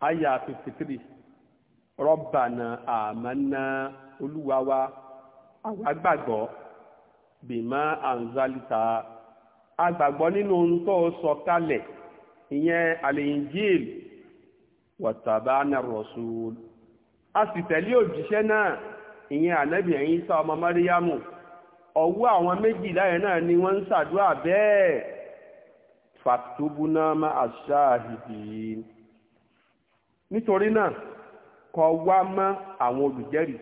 a ya 53 roberta na a ma nna oluwa wa a bima anzalita a a gbagbọ́ ninu nto so kalẹ̀ inye alighine gịịlụ na rosu olo a site li o jise naa inye anabi enyi ta ọmọ mariamu ọwụwa mebidaya naa ni wọn n saduwa bee fapitogunanma a sha ahidi nítorí náà kọ wá mọ́ àwọn olùjẹ́rìí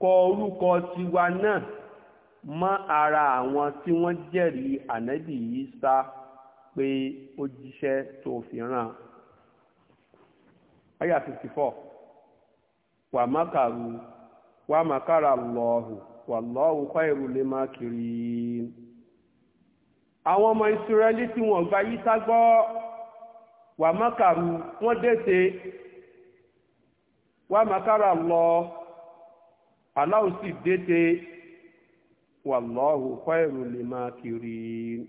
kọ orúkọ tiwa náà ma ara àwọn tí wọ́n jẹ́rìí ànábì pe pé ó jíṣẹ́ tó fi rán aya fifty four wàmákàrú wàmákàrà lọ́ọ̀hù wàlọ́ọ̀hù khairu limakirin àwọn ọmọ Ísírẹ́lì tí wọ́n gba Ìsá gbọ́. wà mákàrú wọ́n dẹ́ṣẹ̀ wà mákàrà lọ Allah sì dẹ́ṣẹ̀ wallahu khairu limakirin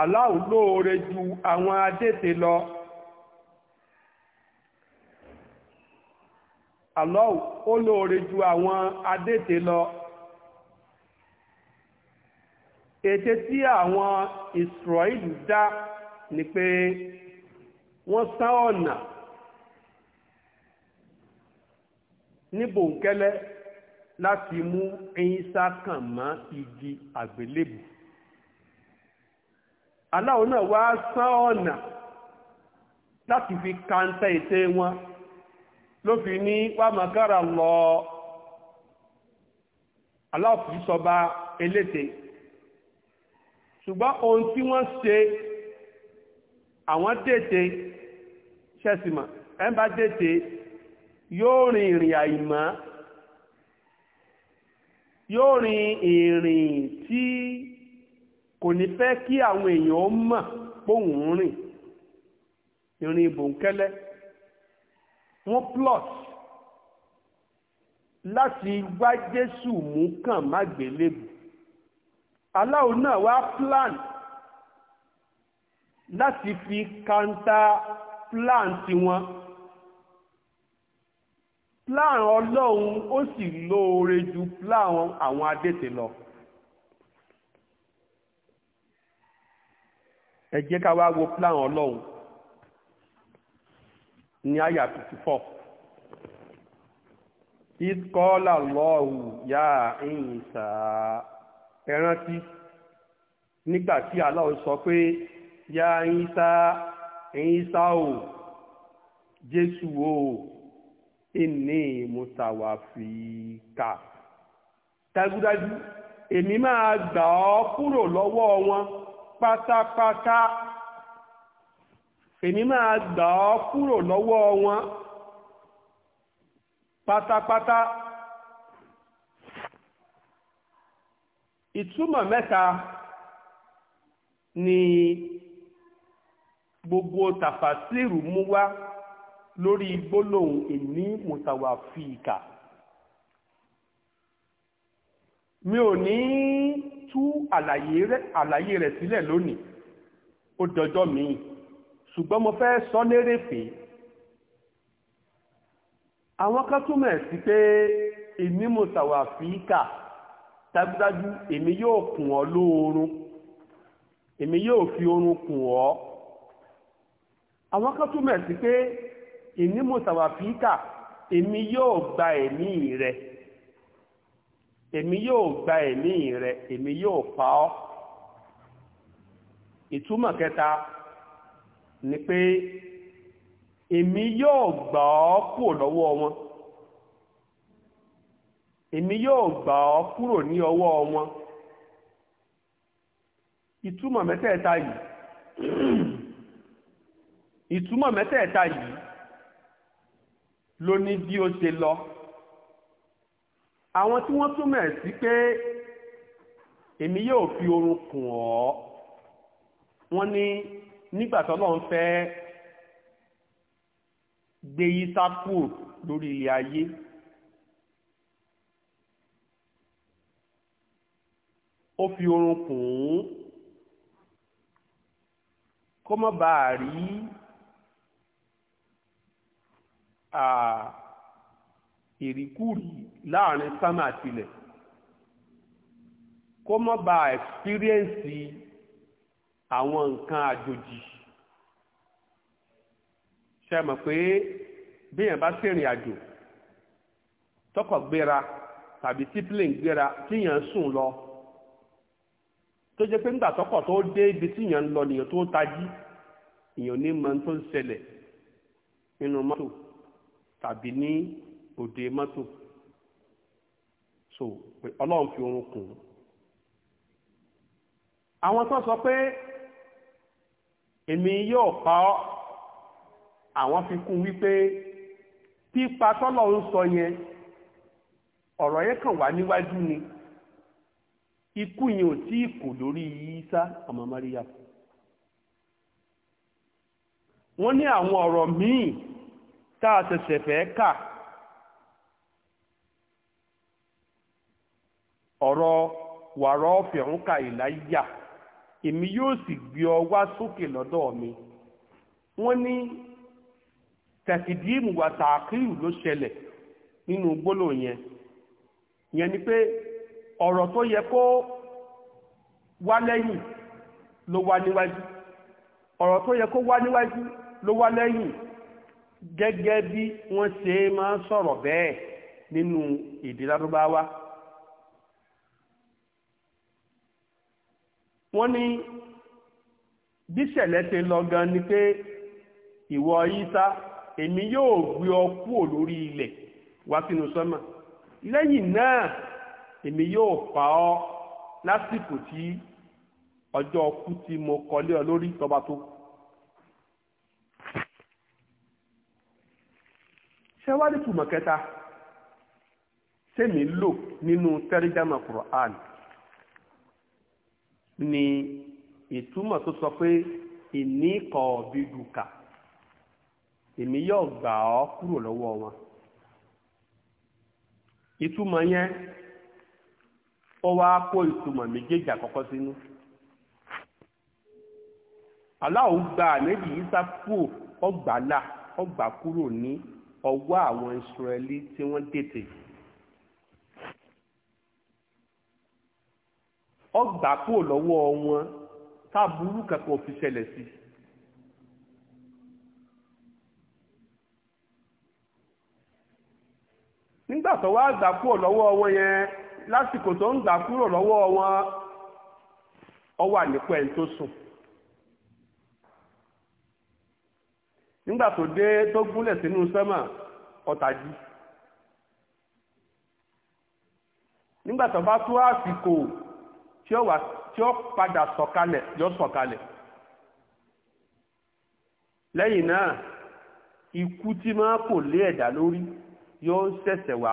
Allah lóore ju àwọn adẹ́ṣẹ̀ lọ. Allah ó lóore ju àwọn adẹ́ṣẹ̀ lọ ète tí àwọn Israel dá ni pé wọ́n san ọ̀nà ní bòńkẹ́lẹ́ láti mú ẹ̀yìnsá kan mọ́ igi àgbélébù aláwọ̀ náà wá sá ọ̀nà láti fi kàńtà ète wọn ló fi ní wàmàkàrà lọ aláwọ̀ sọba eléte ṣùgbọ́n ohun tí wọ́n se àwọn tètè ṣẹ́sìmọ̀ ẹ̀ ń bá tètè yóò rin ìrìn àìmọ́ yóò rin ìrìn tí kò ní fẹ́ kí àwọn èèyàn ó mọ̀ póhùn rìn ìrìn ìbòǹkẹ́lẹ́ wọ́n plot láti wá Jésù mú kàn má gbélébù aláwo náà wá plan láti fi kanta plan tiwọn plan ọlọ́run ó sì lóore ju plan àwọn adẹ́tẹ̀ lọ. ẹ jẹ́ ká wá wo plan ọlọ́run ní àyà 54 ìkọ́lá lọ́ọ̀hù ya ìyìnsà ẹ rántí nígbà tí Allah sọ pé yá ìyìnsà ìsá o jésù o ìní mùsàwáfíkà dájúdájú èmi máa gbà ọ́ kúrò lọ́wọ́ wọn pátápátá èmi máa gbà ọ́ kúrò lọ́wọ́ wọn pátápátá ìtumọ̀ mẹ́ta ni gbogbo tàfàsírù mú wá lórí gbólóhùn ìní mùtàwàfíìkà mi ò ní tú àlàyé rẹ̀ sílẹ̀ lónìí ó dọjọ́ mi ṣùgbọ́n mo fẹ́ sọ lérè pé àwọn kan túmọ̀ sí pé èmi mùtàwàfíìkà dájúdájú èmi yóò kùn ọ́ lóorun èmi yóò fi oorun kùn ọ́ àwọn kan túmọ̀ sí pé èmi mùsàwà píkà èmi yóò gba ẹ̀mí rẹ èmi yóò gba ẹ̀mí rẹ èmi yóò pa ọ́ ìtumọ̀ kẹta ni pé èmi yóò gbà ọ́ kúrò lọ́wọ́ wọn èmi yóò gbà ọ́ kúrò ní ọwọ́ wọn ìtumọ̀ mẹ́tẹ̀ẹ̀ta yìí ìtumọ̀ mẹ́tẹ̀ẹ̀ta yìí ló ní bí ó ṣe lọ àwọn tí wọ́n túmọ̀ sí pé èmi yóò fi orun kùn ọ́ wọ́n ní nígbà tọ́lọ́run fẹ́ gbé yísà kúrò lórí ilé ayé ó fi orun kùn ún kó má bàa rí ìrìkúrì láàrin sámà àtilẹ̀ kó mọ́ bá ẹ̀xpíríẹ́nsì àwọn nǹkan àjòjì ṣe mọ̀ pé bíyàn bá sẹ́rìn àjò tọkọ̀ gbéra tàbí tí plane gbéra tíyàn sùn lọ tó jẹ́ pé nígbà tọkọ̀ tó dé ibi tíyàn ń lọ nìyàn tó tají ìyàn ní mọ̀ tó ń ṣẹlẹ̀ nínú mọ́tò tàbí ní òde mọ́tò so pé ọlọ́run fi oorun kùn àwọn tó sọ pé èmi yóò pa ọ́ àwọn fi kún wípé pípa tọ́lọ́run sọ yẹn ọ̀rọ̀ yẹn kàn wá níwájú ni ikú yẹn ò tí kò lórí Ìsá ọmọ Maria wọ́n ní àwọn ọ̀rọ̀ míì tá a ṣẹ̀ṣẹ̀ fẹ́ kà ọ̀rọ̀ wàrọ̀ ọ̀fẹ̀hún ka èmi yóò sì gbé ọ wá sókè lọ́dọ̀ mi wọ́n ní tẹ̀sídìímù wà tààkìrù ló ṣẹlẹ̀ nínú gbólò yẹn yẹn ni pé tó yẹ kó wá wá níwájú tó yẹ kó wá níwájú ló wá gẹ́gẹ́ bí wọ́n ṣe máa ń sọ̀rọ̀ bẹ́ẹ̀ nínú èdè lárúbáwá wọ́n ní bíṣẹ̀lẹ̀ ṣe lọ gan ni pé ìwọ Ìsá èmi yóò gbé ọ kúrò lórí ilẹ̀ wá sínú sọ́mà lẹ́yìn náà èmi yóò pa ọ́ lásìkò tí ọjọ́ ọkú tí mo kọlé ọ lórí tọba tó ṣẹ́wádìí túmọ̀ kẹta sẹ́mi lò nínú tẹ́rìjàmà Qur'an ni ìtumọ̀ tó sọ pé ìní kọ̀ọ̀bí dùkà èmi yóò gbà ọ́ kúrò lọ́wọ́ wọn ìtumọ̀ yẹn ó wá kó ìtumọ̀ méjèèjì àkọ́kọ́ sínú aláwo gba àmẹ́bí yìí sá kúrò ọgbà là ọgbà kúrò ní ọwọ́ àwọn Ísírẹ́lì tí wọ́n dètè ọgbà kúrò lọ́wọ́ wọn táàbùrú kankan fi ṣẹlẹ̀ sí nígbà tó wá gbà kúrò lọ́wọ́ wọn yẹn lásìkò tó ń gbà kúrò lọ́wọ́ wọn ó wà nípò ẹni tó sùn. nígbà tó dé tó gúnlẹ̀ sínú sẹ́mà ọ̀tàjì nígbà tó bá tó àsìkò tí ó padà sọ̀kalẹ̀ yóò sọ̀kalẹ̀ lẹ́yìn náà ikú tí máa kò lé ẹ̀dá lórí yóò ṣẹ̀ṣẹ̀ wá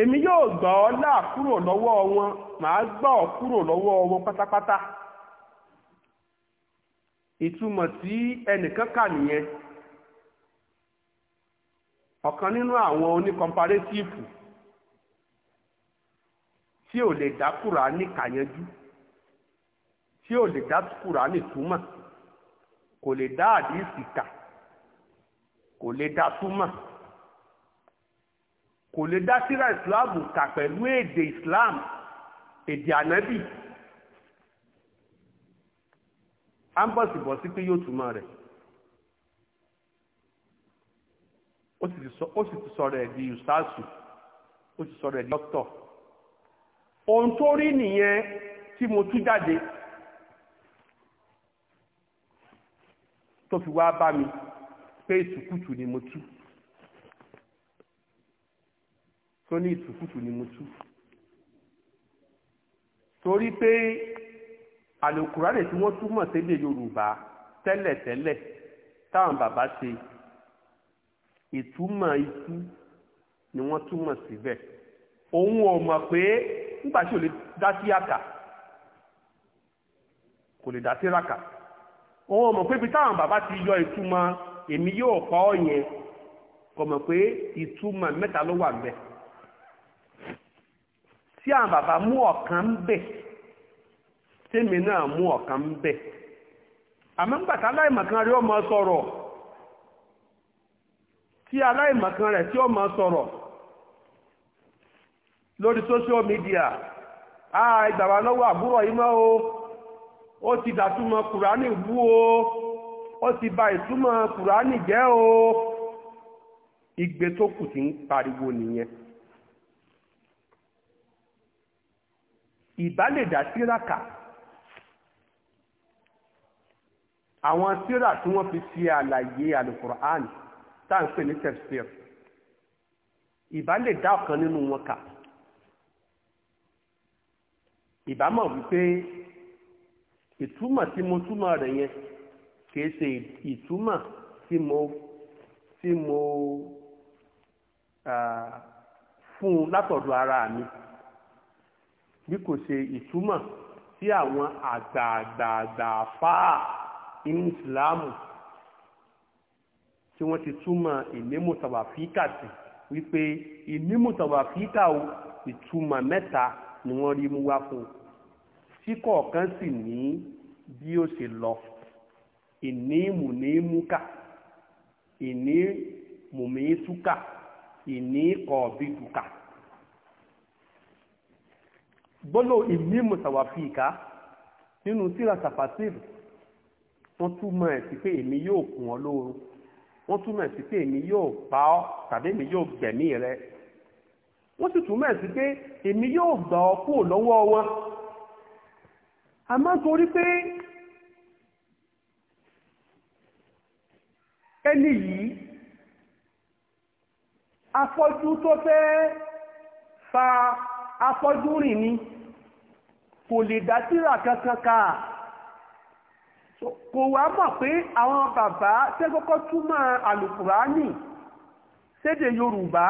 èmi yóò gbà ọ́ là kúrò lọ́wọ́ wọn màá gbà ọ́ kúrò lọ́wọ́ wọn pátápátá ìtumọ̀ tí ẹnìkan kà nìyẹn ọ̀kan nínú àwọn oníkọmparétífù tí ò lè dá ní kàyẹjú tí ò lè dá ní túmọ̀ kò lè dá àdìsí kà kò lè dá túmọ̀. kò lè dá síra ìsìláàmù kà pẹ̀lú èdè ìsìláàmù èdè ànábì à ń bọ̀ sí bọ̀ sí pé yóò túmọ̀ rẹ̀ ó sì ti sọ̀rọ̀ ẹ̀ di yùsáàsù ó sì sọ̀rọ̀ ẹ̀ di dókítọ̀ ohun tó rí nìyẹn tí mo tú jáde tó fi wá bá mi pé ìsùkùtù ni mo tú. tó ní ìtùkùtù ni mo tú torí pé àlòkùránì tí wọ́n túmọ̀ sédè Yorùbá tẹ́lẹ̀tẹ́lẹ̀ táwọn bàbá ṣe ìtumọ̀ ikú ni wọ́n túmọ̀ síbẹ̀ òun ò mọ̀ pé nígbà tí ò lè dá sí àkà kò lè dá sí ràkà òun ò mọ̀ pé ibi táwọn bàbá ti yọ ìtumọ̀ èmi yóò pa ọ́ kò mọ̀ pé ìtumọ̀ mẹ́ta ló wà bẹ́ẹ̀. tí àwọn bàbá mú ọ̀kan ń bẹ̀ tèmi náà mú ọ̀kan ń bẹ̀ àmọ́ ń gbàtà aláìmọ̀kan rẹ̀ ọmọ sọ̀rọ̀ tí aláìmọ̀kan rẹ̀ tí ọmọ sọ̀rọ̀ lórí social media àà ìgbàwà lọ́wọ́ àbúrò ìmọ̀ o ó ti dàtúmọ̀ kùránì wú o ó ti ba ìtúmọ̀ kùránì jẹ́ o igbe tó kù ti ń pariwo nìyẹn ìbá lè dá tírà kà àwọn tírà tí wọ́n fi ṣe àlàyé alukur'an tá à ń pè ní tefsir ìbá lè dá ọ̀kan nínú wọn kà ìbá mọ̀ wípé ìtumọ̀ tí mo túmọ̀ rẹ̀ yẹn kìí ṣe ìtumọ̀ tí mo tí mo fún un látọ̀dọ̀ ara mi bí kò ṣe ìtumọ̀ sí àwọn àgbààgbààgbà fáà inú ìsìláàmù tí wọ́n ti túmọ̀ ìnímùtàwàfíkà sí wípé ìnímùtàwàfíkà o ìtumọ̀ mẹ́ta ni wọ́n rí mú wá fún un tí kọ̀ọ̀kan sì ní bí ó ṣe lọ ìnímùnímúkà ìnímùmísúkà ìníkọ̀ọ̀bídùkà gbọ́lò ìní mùsàwáfíìká nínú tíra tàfàtìrì wọ́n túmọ̀ ẹ̀ sí pé èmi yóò kùn ọ́ lóorun wọ́n túmọ̀ ẹ̀ sí pé èmi yóò pa ọ́ tàbí èmi yóò gbẹ̀mí rẹ wọ́n sì túmọ̀ ẹ̀ sí pé èmi yóò gbà ọ́ kúrò lọ́wọ́ wọn àmọ́ torí pé ẹni yìí afọ́jú tó fẹ́ fa afọ́jú rìn ni kò lè dá tírà kankan ká kò wá mọ̀ pé àwọn bàbá tẹ́kọ́kọ́ túmọ̀ àlùkùránì sédè yorùbá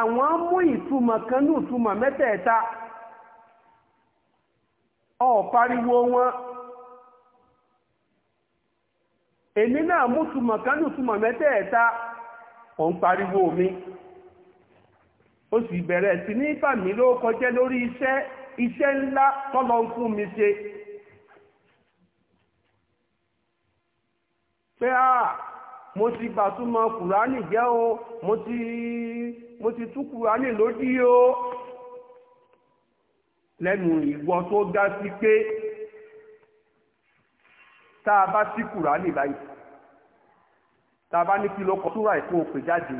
àwọn mú ìtumọ̀ kan ní ìtumọ̀ mẹ́tẹ̀ẹ̀ta ó pariwo wọn èmi náà mú ìtumọ̀ kan ní ìtumọ̀ mẹ́tẹ̀ẹ̀ta ó mi ó sì bẹ̀rẹ̀ sí ní fàmí ló kọjẹ́ lórí iṣẹ́ iṣẹ́ ńlá tọ́lọ ń fún mi ṣe pé à mo ti bàtúmọ̀ kùránì jẹ́ o mo ti mo ti tú kùránì lódì o lẹ́nu ìwọ tó ga sí pé tá a bá sí kùránì báyìí tá a bá ní kí ló kọ súrà ìkó òpè jáde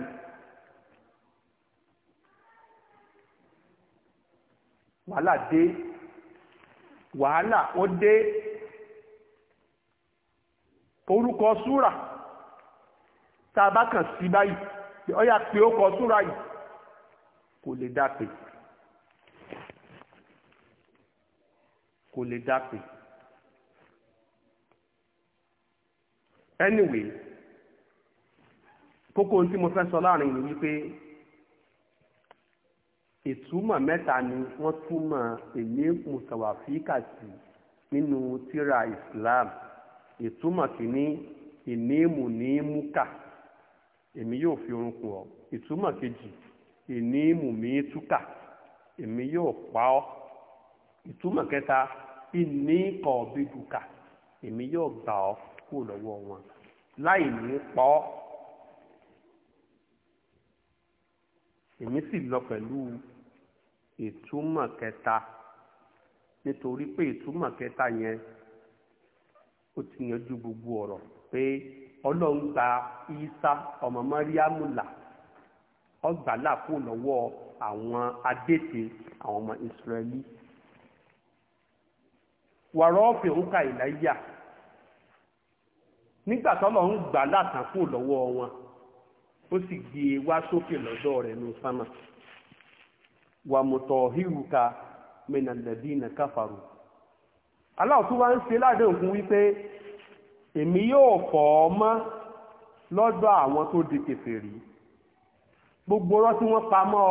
wàhálà dé wàhálà ó dé orúkọ súrà tá a bá kàn sí báyìí ọyà pé ó kọ súrà yìí kò lè dá pé kò lè dá pé anyway kókó tí mo fẹ́ sọ láàrin yìí wípé. ìtumọ̀ mẹ́ta ni wọ́n túmọ̀ èmi mùsàwáfíkà sí nínú tíra islam ìtumọ̀ kìíní ìníìmù ní múkà èmi yóò fi orúnkún ọ ìtumọ̀ kejì ìníìmù mí túkà èmi yóò pa ọ ìtumọ̀ kẹta ìní kọ̀ọ̀bídùkà èmi yóò gbà ọ kúrò lọ́wọ́ wọn láì ní pa ọ èmi sì lọ pẹ̀lú ìtumọ̀ kẹta nítorí pé ìtumọ̀ kẹta yẹn ó ti yanjú gbogbo ọ̀rọ̀ pé ọlọ́run gba isa ọmọ mọ́ríámù là ọgbà là kú lọ́wọ́ àwọn adéte àwọn ọmọ ìsírẹ́lì wàrọ̀ ọ̀fẹ́ ka ìláyà nígbà tọ́lọ̀ gbà látàkùn lọ́wọ́ wọn ó sì gbé e wá sókè lọ́dọ̀ rẹ̀ ní sánmà. wà mùtọ̀híruka mẹ́nàlẹ́bí na káfàrú. Allah tún wá ń ṣe ládùn fún wípé èmi yóò fọ̀ ọ́ mọ́ lọ́dọ̀ àwọn tó di kèfèrí gbogbo ọ̀rọ̀ tí wọ́n pa ọ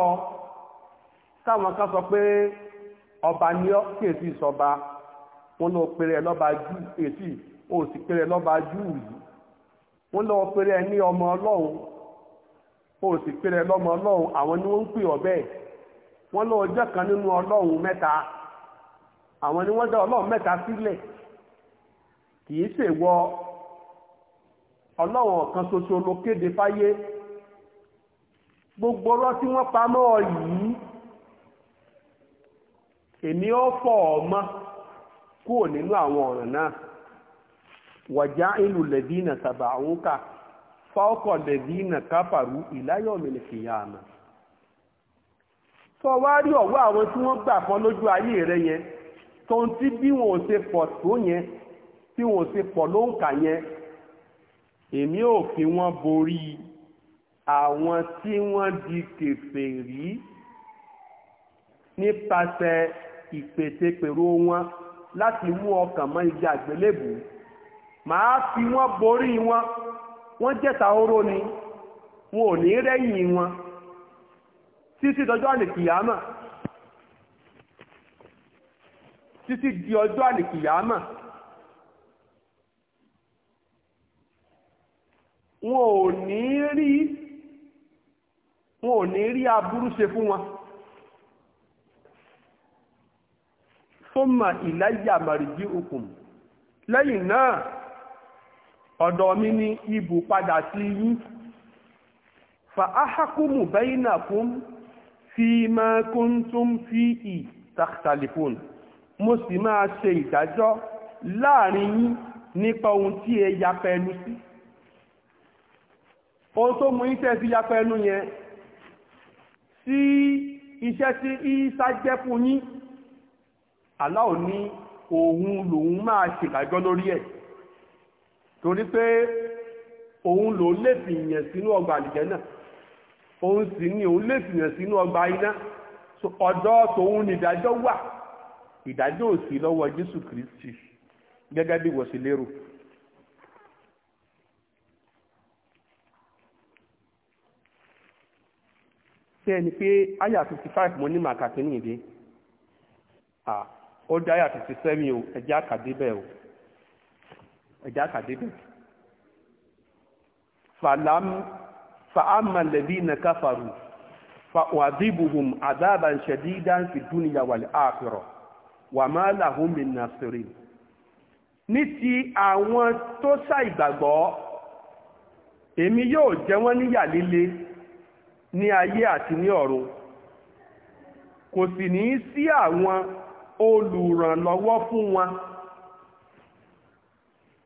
táwọn kan sọ pé ọba ni ọ kí èsì sọba wọn lọ pèrè ẹ lọba jù èsì ò sì pèrè lọba jù yìí wọn lọ pèrè ẹ ní ọmọ Ọlọ́run ò sì pèrè lọmọ Ọlọ́run àwọn ni wọ́n ń pè ọ bẹ́ẹ̀ wọ́n lọ ọjọ́ kan nínú ọlọ́run mẹ́ta àwọn ni wọ́n dá ọlọ́run mẹ́ta sílẹ̀ kì í ṣèwọ ọlọ́run ọ̀kan ṣoṣo ló kéde fáyé gbogbo ọ̀rọ̀ tí wọ́n pa mọ́ ọ yìí èmi ó fọ̀ ọ́ mọ́ kúrò nínú àwọn ọ̀ràn náà wàjá ìlú kà káfàrú tó wá rí ọ̀wọ́ àwọn tí wọ́n gbà fọ́ lójú ayé rẹ yẹn tó ń tí bí wọn ò ṣe pọ̀ tó yẹn tí wọn ò ṣe pọ̀ ló ń kà yẹn èmi ò fi wọ́n borí àwọn tí wọ́n di kèfèrí nípasẹ̀ ìpètèpèrò wọn láti mú ọkàn mọ́ igi àgbélébù màá fi wọ́n borí wọn wọ́n jẹ́ta oró ni wọn ò ní rẹ́yìn wọn títí dọjọ́ àlèkìyàmà títí di ọjọ́ àlèkìyàmà wọn ò ní rí wọn ò ní rí aburú ṣe fún wọn fọ́mà ìláyà màrìjí okùn lẹ́yìn náà ọ̀dọ̀ mi ni ibù padà sí yín fa áhákùmù bẹ́yìn náà fún fi ma kuntum fihi takhtalifun mo sì máa ṣe ìdájọ́ láàrin yín nípa ohun tí ẹ yapa ẹnu sí ohun tó mú iṣẹ́ fi yapa ẹnu yẹn sí iṣẹ́ tí ìsá jẹ́ fún yín aláò ní òun lòun máa ṣèdájọ́ lórí ẹ̀ torí pé òun lòun lè fi ìyẹn sínú ọgbà àlìjẹ́ náà òun sì ni òun lè fìyàn sínú ọgbà iná ọ̀dọ̀ tòun nìdájọ́ wà ìdájọ́ ò lọ́wọ́ Jésù Kristi gẹ́gẹ́ bí wọ́n sì lérò. bẹ́ẹ̀ ni pé aya fifty five mo ní màkà kínní ìdí ó dá aya fifty seven o ẹ̀jẹ̀ àkàdé bẹ́ẹ̀ o ẹ̀jẹ̀ àkàdé bẹ́ẹ̀. fàlámù. فأما الذين كفروا فأعذبهم عذابا شديدا في الدنيا والآخرة وما لهم من ناصرين ní ti àwọn tó ṣàìgbàgbọ́ èmi yóò jẹ wọ́n níyà líle ní ayé àti ní ọ̀run kò sì ní sí àwọn olùrànlọ́wọ́ fún wọn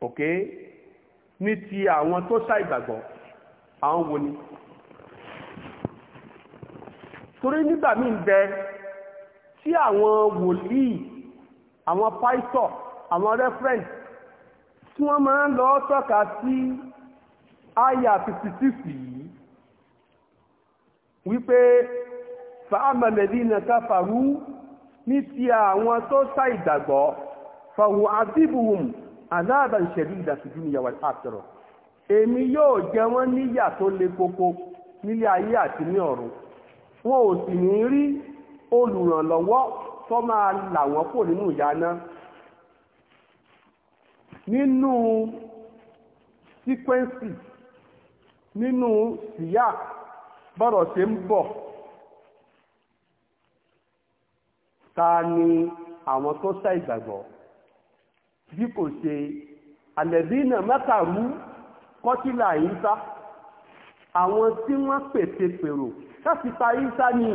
ok ní ti àwọn tó ṣàìgbàgbọ́ àwọn wo ni torí nígbà míì ń bẹ tí àwọn wòlíì àwọn pásítọ̀ àwọn reference tí wọ́n máa ń lọ tọ́ka sí àyà 56 yìí wípé fàámàlẹ̀dí na káfàrú ní ti àwọn tó sá ìgbàgbọ́ fàwọn àdíbùhùn aláàbà ìṣẹ̀lú ìdàtìjú ni yàwó èmi yóò jẹ wọn níyà tó le koko nílé ayé àti ní ọ̀run wọn ò sì ní rí olùrànlọ́wọ́ tó máa là wọ́n kò nínú ìyà nínú síkwẹ́ǹsì nínú síyà bọ́rọ̀ ṣe ń bọ̀ ta ni àwọn tó ṣàìgbàgbọ́ bí kò ṣe àlẹ́bí náà mẹ́tàrú kọ́tílà ìsá àwọn tí wọ́n pète pèrò láti pa ìsá ni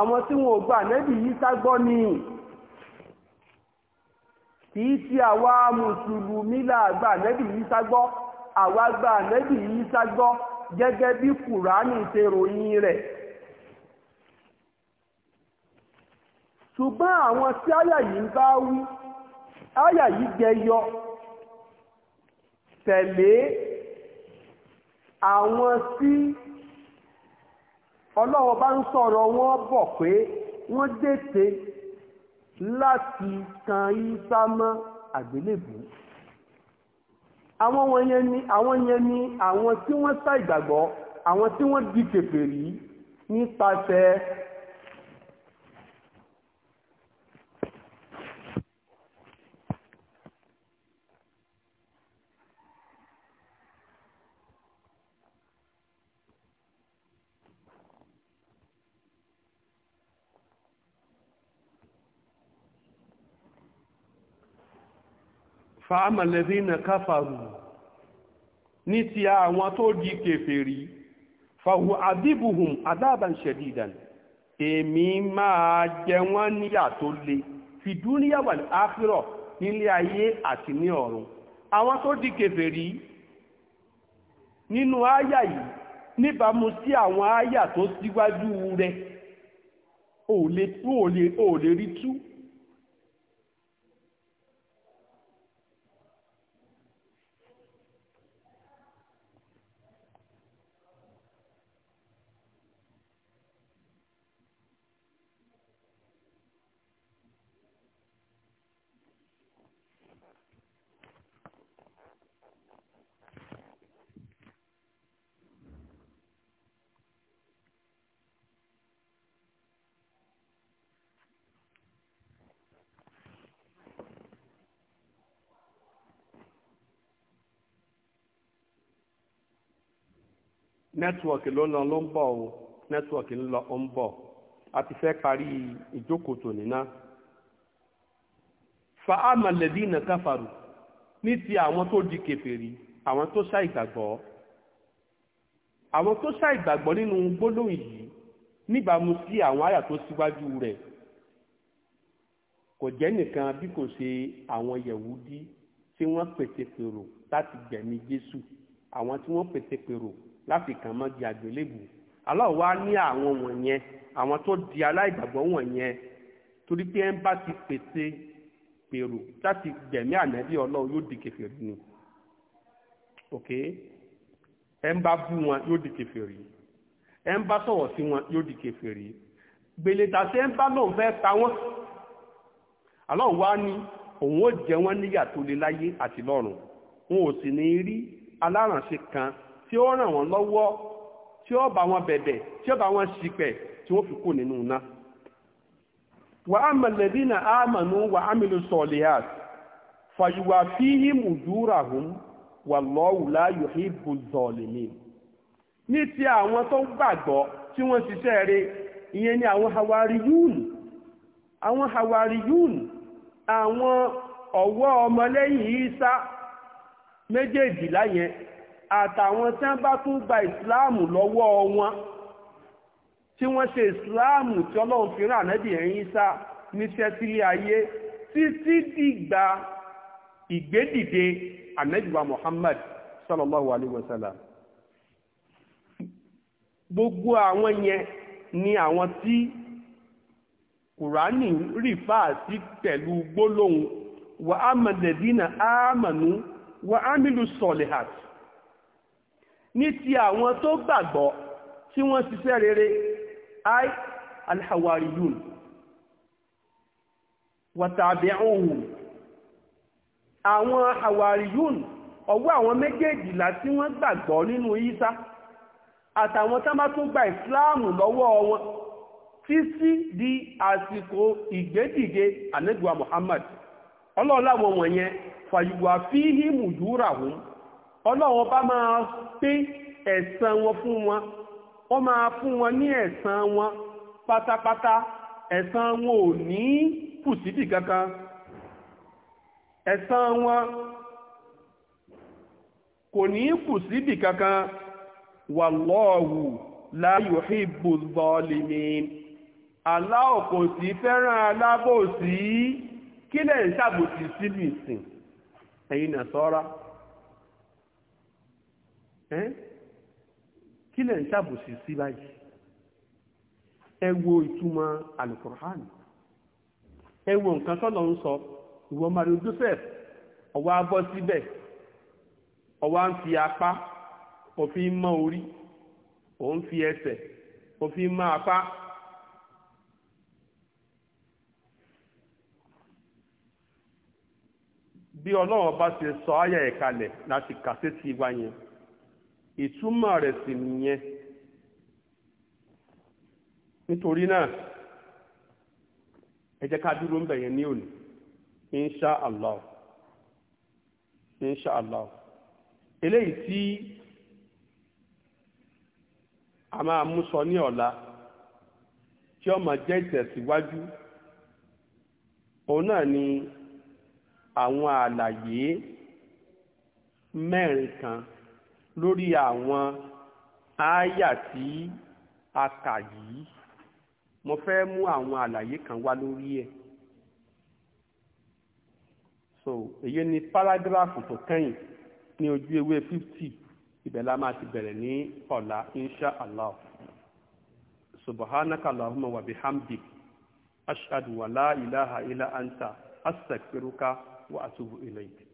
àwọn tí wọn ò gba ànẹ́bì ìsá gbọ́ ni kì í ti àwa mùsùlùmí làgbà ànẹ́bì ìsá gbọ́ àwa gba ànẹ́bì ìsá gbọ́ gẹ́gẹ́ bí kùránì ṣe ròyìn rẹ̀ ṣùgbọ́n àwọn tí àyà yìí bá wí àyà yìí jẹyọ tẹ̀lé àwọn tí ọlọ́wọ́ bá ń sọ̀rọ̀ wọn bọ̀ pé wọ́n dètè láti kan ìsá mọ́ àgbélébù àwọn wọ̀nyẹn ni àwọn yẹn ni àwọn tí wọ́n sá ìgbàgbọ́ àwọn tí wọ́n di kèfèrí nípasẹ̀ fàámàlẹ́dínà káfàrù ní ti àwọn tó di kèfèrí fàwọ̀ àdìbùhùn adábànṣẹ̀dìdàn èmi máa jẹ wọ́n níyà tó le fi dúníyàwó àfírọ̀ nílé ayé àti ní ọ̀run àwọn tó di kèfèrí nínú áyà yìí níbàámu sí àwọn áyà tó síwájú rẹ̀ ò lè rí tú nẹ́tíwọ̀kì ló ń lọ ló ń bọ̀ o nẹ́tíwọ̀kì ń lọ ó ń bọ̀ a ti fẹ́ parí ìjókòó tòní náà. fàámà lẹ́dí iná káfàrù ní ti àwọn tó di kèfèrí àwọn tó ṣàìgbàgbọ́ àwọn tó ṣàìgbàgbọ́ nínú gbólóhùn yìí níbàámu sí àwọn àyà tó síwájú rẹ̀ kò jẹ́ nìkan bí kò ṣe àwọn yẹ̀wúdí tí wọ́n pètèpèrò láti gbẹ̀mí Jésù àwọn tí wọ́n pètèpèrò láti kàn mọ́ di àgbélébù Allah wá ní àwọn wọ̀nyẹn àwọn tó di aláìgbàgbọ́ wọ̀nyẹn torí pé ẹ̀ ń bá ti pèsè pèrò láti gbẹ̀mí ànábì ọlọ́run yóò di kèfèrí ni ok ẹ̀ ń bá bú wọn yóò di kèfèrí ẹ̀ ń bá sọ̀rọ̀ sí wọn yóò di kèfèrí gbèlèdàsí ń bá lóun fẹ́ ta wọn Allah wá ní òun ó jẹ wọn níyà tó le láyé àti lọ́run wọn ò sì ní rí alárànṣe kan tí ó ràn wọ́n lọ́wọ́ tí ó bá wọn bẹ̀bẹ̀ tí ó bá wọn ṣìpẹ̀ tí ó fi kú nínú iná wà á mọ̀lẹ́bí na ámànú wà á mìlú sọ̀lẹ́hàt fàyíwà fíhí mùdúràhùn wà lọ́wù láyò ìbù zọ̀lẹ̀mí ní ti àwọn tó gbàgbọ́ tí wọ́n ṣiṣẹ́ rẹ̀ ìyẹn ni àwọn hawariyun àwọn hawariyun àwọn ọ̀wọ́ ọmọlẹ́yìn Ìsá méjèèjìlá yẹn àtàwọn tí wọ́n bá tún gba ìsìláàmù lọ́wọ́ wọn tí wọ́n ṣe ìsìláàmù tí ọlọ́run fi rán ànábì ẹ̀yìn sá níṣẹ́ sílé ayé títí dìgbà ìgbédìde ànábìwá Muhammad sallallahu alayhi wa sallam gbogbo àwọn yẹn ni àwọn tí kùránì rí fáàsí pẹ̀lú gbólóhùn wa amadedina amanu wa amilu sọlihat ní ti àwọn tó gbàgbọ́ tí wọ́n ṣiṣẹ́ rere ai alhawariyun wàtàbíhùn àwọn hawariyun ọwọ́ àwọn méjèèjìlá tí wọ́n gbàgbọ́ nínú Ìsá àtàwọn tá bá tún gba ìsìláàmù lọ́wọ́ wọn títí di àsìkò ìgbédìde ànẹ́gbà Muhammad ọlọ́ọ̀láwọn wọ̀nyẹn fàyíwà fíhìmù yúrà wọn ọlọ́wọ́ bá máa pín ẹ̀san wọn fún wọn wọ́n máa fún wọn ní ẹ̀san wọn pátápátá ẹ̀san wọn ò ní kù síbì kankan ẹ̀san wọn kò ní kù síbì kankan wà la yuhibbu zalimin Allah kò sí fẹ́ràn alábòsí kí lẹ́yìn ṣàbòsí síbì sìn ẹ̀yin nà kí lẹ̀ ń sí báyìí ẹ ìtumọ̀ alukur'an ẹ nǹkan tọ́lọ̀ ń sọ ìwọ Mario Joseph ọwọ́ abọ́ síbẹ̀ ọwọ́ ń fi apá òfin fi ẹsẹ̀ òfin apá. bí ọlọ́run bá ṣe sọ ayà ẹ̀kalẹ̀ láti kà sétí ìtumọ̀ rẹ̀ sì nìyẹn nítorí náà ẹ jẹ́ ká dúró ń bẹ̀ yẹn ní òní insha allah insha allah eléyìí tí a máa mú sọ ní ọ̀la tí ọmọ jẹ́ ìtẹ̀síwájú òun náà ni àwọn àlàyé mẹ́rin kan. lórí àwọn ááyà tí a kà yìí mo fẹ́ mú àwọn àlàyé kan wá lórí ẹ̀ so èyí ni párágíráfù tó kẹ́yìn ní ojú ewé fifty ibẹ̀ la máa ti bẹ̀rẹ̀ ní ọ̀la insha allah subhanaka allahumma wa bihamdik ashhadu wa la ilaha illa anta astaghfiruka wa atubu ilayk